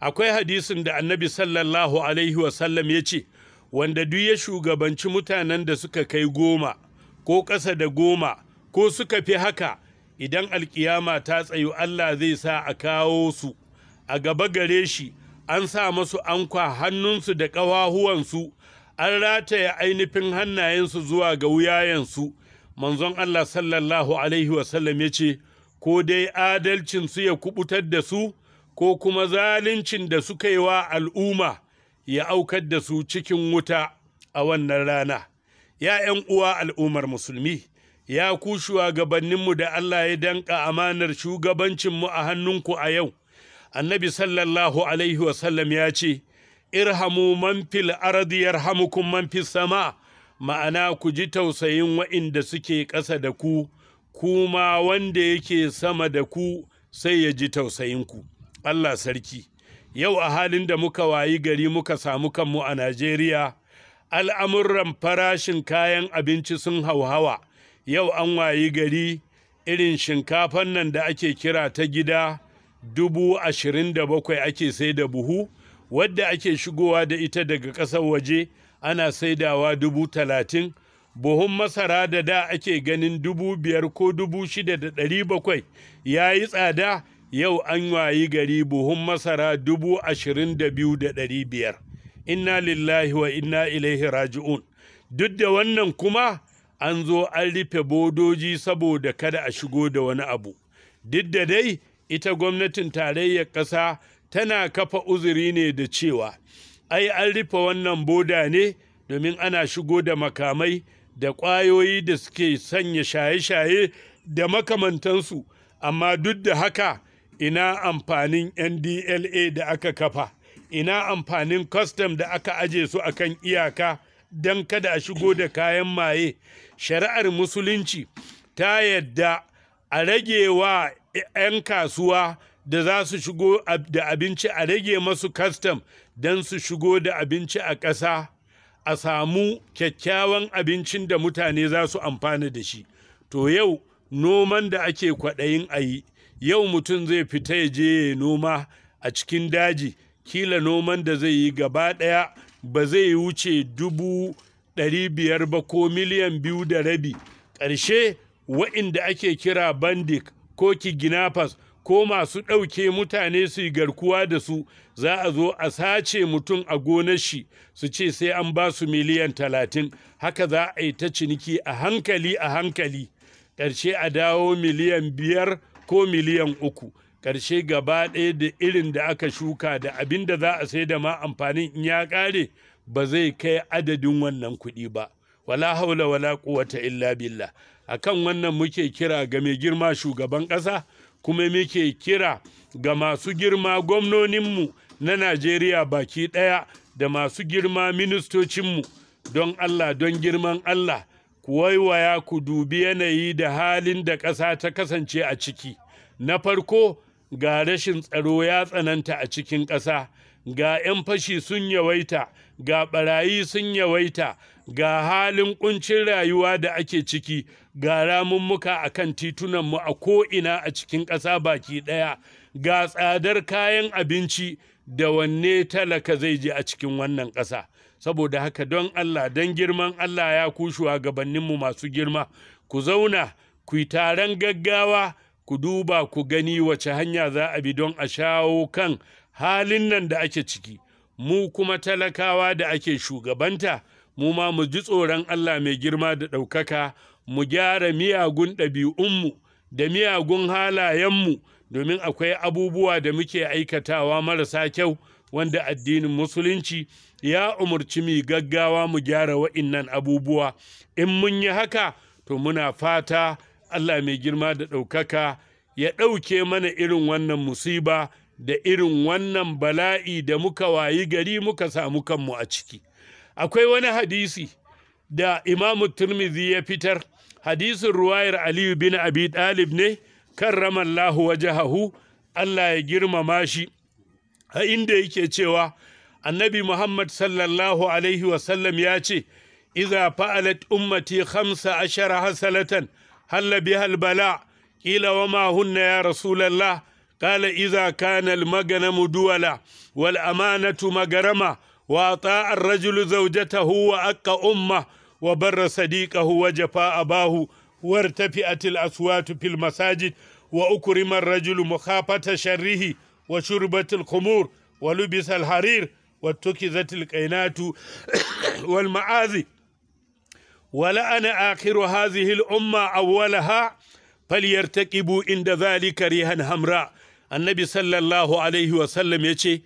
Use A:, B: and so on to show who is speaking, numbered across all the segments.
A: akwai hadisin da annabi sallallahu alaihi wasallam ya ce wanda duk ya shugabanci mutanen da suka kai goma ko ƙasa da goma ko suka fi haka idan alkiyama ta tsayu Allah zai sa a kawo su a gaba gare shi an sa masu ankwa hannunsu da ƙawahuwansu an rataya ainihin hannayensu zuwa ga wuyayensu manzon Allah sallallahu alaihi wasallam ya ce ko dai adalcinsu ya kubutar da su ko kuma zaluncin da suka yi wa al'umma ya aukar da su cikin wuta a wannan rana ya ‘yan uwa al'ummar musulmi ya ku shugabanninmu da Allah ya danka amanar shugabancinmu a hannunku a yau annabi sallallahu alaihi wasallam ya ce irhamu man fil ardi yarhamukum man fis sama ma'ana ku ji tausayin wa'inda suke ƙasa da ku kuma wanda yake sama da ku sai ya ji tausayinku Allah sarki yau a halin da muka wayi gari muka samu kanmu a Najeriya al'amuran farashin kayan abinci sun hauhawa yau an wayi gari irin shinkafan nan da ake kira ta gida dubu ashirin da bakwai ake sai da buhu wadda ake shigowa da ita daga ƙasar waje ana saidawa dubu talatin buhun masara da da ake ganin dubu biyar ko dubu shida da ɗari bakwai ya yi tsada yau an wayi gari buhun masara dubu ashirin da biyu da ɗari biyar inna lillahi wa inna ilaihi raji'un duk da wannan kuma an zo an rufe bodoji saboda kada a shigo da wani abu duk da dai ita gwamnatin tarayyar ƙasa tana kafa uzuri ne da cewa ai an rufe wannan boda ne domin ana shigo da makamai da ƙwayoyi da suke sanya shaye-shaye da makamantansu amma duk da haka ina amfanin ndla da aka kafa ina amfanin kwastam da aka aje su akan iyaka don kada a shigo da kayan maye shari'ar musulunci ta yadda a rage wa 'yan kasuwa da za su shigo da abinci a rage masu kastam don su shigo da abinci a ƙasa a samu kyakkyawan abincin da mutane za su amfana da shi to yau noman da ake kwaɗayin a yi yau mutum zai fita ya je ya noma a cikin daji kila noman da zai yi gaba ɗaya ba zai wuce dubu ɗari biyar ba ko miliyan biyu da rabi ƙarshe wa'inda ake kira bandik ko kiginafas ko masu ɗauke mutane su yi garkuwa da su za a zo a sace mutum a gonar shi su ce sai an ba su miliyan talatin haka za a yi ta ciniki a hankali a hankali ƙarshe a dawo miliyan biyar ko miliyan uku ƙarshe gaba ɗaya da irin da aka shuka da abin da za a sai da ma amfanin in ya ƙare ba zai kai adadin wannan kuɗi ba wala haula wala quwwata illa billah akan wannan muke kira ga mai girma shugaban ƙasa kuma muke kira ga masu girma gwamnoninmu na Najeriya baki ɗaya da masu girma ministocinmu don Allah don girman Allah ku waiwaya ku dubi yanayi da halin da ƙasa ta kasance a ciki na farko ga rashin tsaro ya tsananta a cikin ƙasa ga 'yan fashi sun yawaita ga ɓarayi sun yawaita ga halin ƙuncin rayuwa da ake ciki ga ramummuka a kan titunanmu a ko'ina a cikin ƙasa baki ɗaya ga tsadar kayan abinci da wanne talaka zai je a cikin wannan ƙasa saboda haka don Allah don girman Allah ya ku shugabanninmu masu girma ku zauna ku yi taron gaggawa ku duba ku gani wace hanya za a bi don a shawo kan halin nan da ake ciki mu kuma talakawa da ake shugabanta mu ma mu ji tsoron Allah mai girma da ɗaukaka mu gyara miyagun ɗabi'unmu da miyagun halayenmu domin akwai abubuwa da muke aikatawa marasa kyau wanda addinin musulunci ya umarci mu gaggawa mu gyara wa'innan abubuwa in mun yi haka to muna fata Allah mai girma da ɗaukaka ya ɗauke mana irin wannan musiba da irin wannan bala'i da muka wayi gari muka samu kanmu a ciki akwai wani hadisi da imamu turmizi ya fitar hadisin ruwayar aliyu bin abi ɗalib ne waje wajahahu Allah ya girmama shi a inda yake cewa annabi Muhammad sallallahu alaihi wasallam ya ce iza fa'alat ummati khamsa ashara hasalatan halla bihal bala wa wama hunna ya rasulallah قال إذا كان المغنم دولا والأمانة مغرمة wa الرجل زوجته وأق أمه وبر صديقه وجفاء abahu وارتفعت الأصوات في المساجد وأكرم الرجل مخافة شره وشربت الخمور ولبس الحرير واتكذت القينات والمعاذي ولأن آخر هذه الأمة أولها فليرتكبوا عند ذلك ريحا حمراء النبي صلى الله عليه وسلم يشي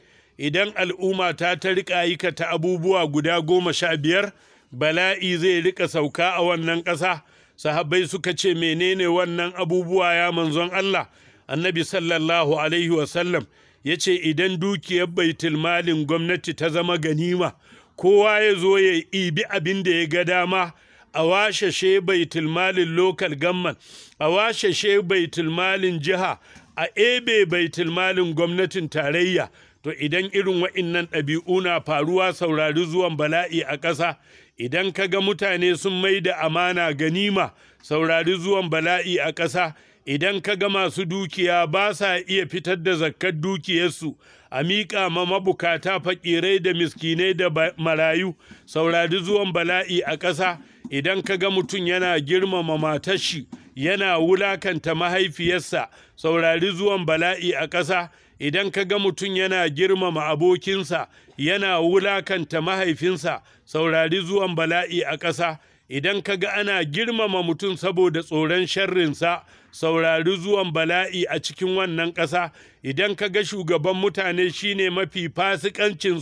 A: idan al'umma ta ta rika aikata abubuwa guda goma sha biyar bala'i zai rika sauka a wannan ƙasa sahabbai suka ce menene wannan abubuwa ya manzon Allah annabi sallallahu alaihi wasallam ya ce idan dukiyar baitul malin gwamnati ta zama ganima kowa ya zo ya ibi abin da ya ga dama a washashe baitul malin local gamman a washashe baitul malin jiha a ebe baitul malin gwamnatin tarayya to idan irin wa'innan ɗabi'u na faruwa saurari zuwan bala'i a ƙasa idan ka ga mutane sun mai da amana ganima saurari zuwan bala'i a ƙasa idan ka ga masu dukiya ba sa iya fitar da zakkar dukiyarsu a miƙa ma mabukata faƙirai da miskinai da marayu saurari zuwan bala'i a ƙasa idan ka ga mutum yana girmama matashi yana wulakanta mahaifiyarsa saurari zuwan bala'i a ƙasa idan ka ga mutum yana girmama abokinsa yana wulakanta mahaifinsa saurari zuwan bala'i a ƙasa idan ka ga ana girmama mutum saboda tsoron sharrinsa saurari zuwan bala'i a cikin wannan ƙasa idan ka ga shugaban mutane shine mafi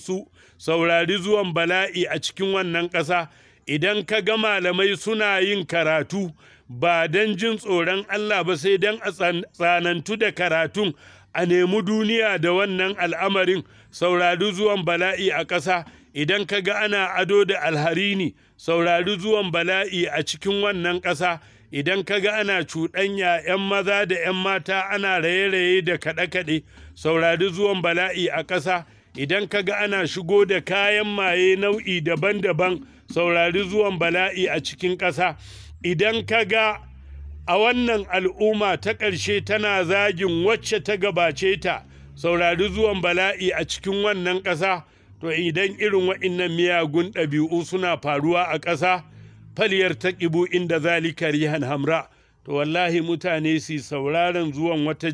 A: su saurari zuwan bala'i a cikin wannan ƙasa idan ka ga malamai suna yin karatu ba don jin tsoron Allah ba sai don a tsanantu da karatun a nemi duniya da wannan al'amarin saurari zuwan bala'i a ƙasa idan ka ga ana ado da alharini saurari zuwan bala'i a cikin wannan ƙasa idan ka ga ana cuɗanya 'yan maza da 'yan mata ana raye-raye da kaɗe-kaɗe saurari zuwan bala'i a ƙasa idan ka ga ana shigo da kayan maye nau'i daban-daban saurari zuwan bala'i a cikin ƙasa idan ka ga a wannan al'umma ta ƙarshe tana zagin wacce ta gabace ta saurari zuwan bala'i a cikin wannan ƙasa to idan irin wa'innan miyagun ɗabi'u suna faruwa a ƙasa faliyar ta ƙibu inda zalika rihan hamra to wallahi mutane su sauraron zuwan wata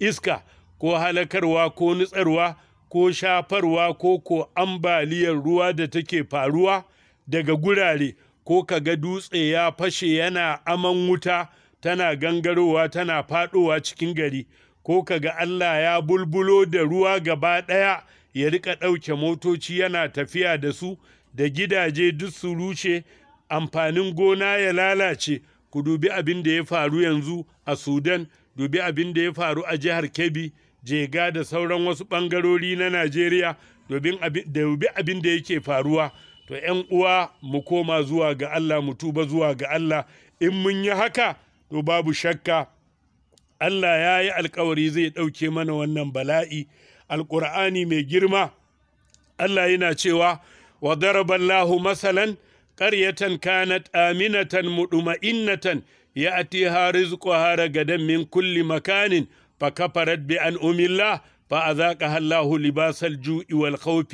A: iska, ko halakarwa ko nutsarwa ko shafarwa ko ko ambaliyar ruwa da take faruwa daga gurare ko ka ga dutse ya fashe yana aman wuta tana gangarowa tana faɗowa cikin gari ko ka ga Allah ya bulbulo da ruwa gaba ɗaya ya rika ɗauke motoci yana tafiya da su da gidaje duk su rushe amfanin gona ya lalace ku dubi abin da ya faru yanzu a sudan dubi abin da ya faru a jihar kebbi jega da sauran wasu ɓangarori na najeriya dubi abin da yake faruwa to ‘yan uwa mu koma zuwa ga Allah mu tuba zuwa ga Allah in mun yi haka to babu shakka Allah ya yi alkawari zai ɗauke mana wannan bala'i alƙur'ani mai girma Allah yana cewa wa daraballahu masalan ƙaryatan kanat aminatan muduma'innatan ya atiha rizquha ragadan min kulli makanin fa kafarat bi an umillah فأذاقها الله لباس الجوع والخوف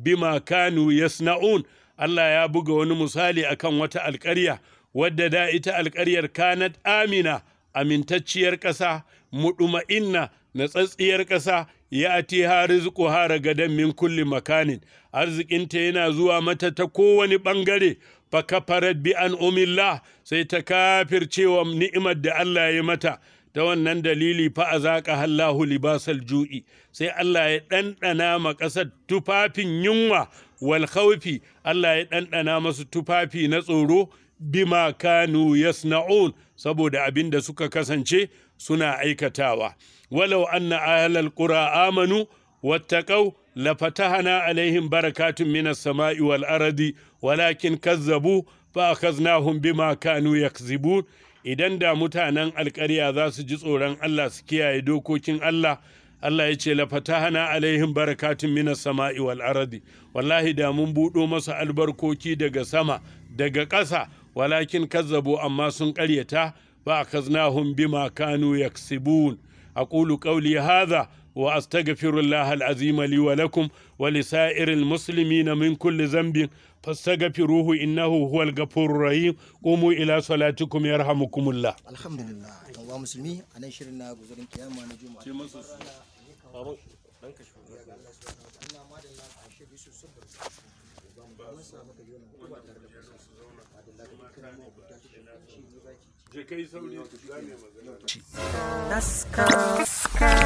A: بما كانوا يصنعون Allah ya buga wani misali kan wata alƙarya wadda da ita alƙaryar kanat amina amintacciyar ƙasa muɗuma'inna na tsatsiyar ƙasa ya ti rizqu hara gadan min kulli makanin arzikinta yana zuwa mata ta kowane ɓangare fa kafarat bi an umillah sai ta kafircewa ni'imar da Allah ya mata da wannan dalili fa a zaƙa hallahu libasal ju'i sai Allah ya ɗanɗana ma ƙasar tufafin yunwa wal khawfi Allah ya ɗanɗana masu tufafi na tsoro bima kanu yasna'un saboda abin da suka kasance suna aikatawa walau anna ahlal qura amanu wattaqau lafatahana alaihim barakatun minas sama'i wal ardi walakin kazzabu fa bimakanu bima kanu yakzibun idan da mutanen alkarya za su ji tsoron Allah su kiyaye dokokin Allah Allah ya ce lafatahana alaihim barakatun mina sama'i wal ardi wallahi da mun buɗo masa albarkoki daga sama daga ƙasa walakin kazzabu amma sun ƙaryata fa akaznahum bima kanu yaksibun aqulu qawli hadha wa astaghfirullaha alazim li wa lakum wa lisa'iril muslimina min kulli dhanbin gafi ruhu innahu huwal gafurur rahim qumu ila salatikum yarhamukumullah alhamdulillah wa muslimi anan shirin na guzarin kiyama na juma'a ce da Allah da su da shi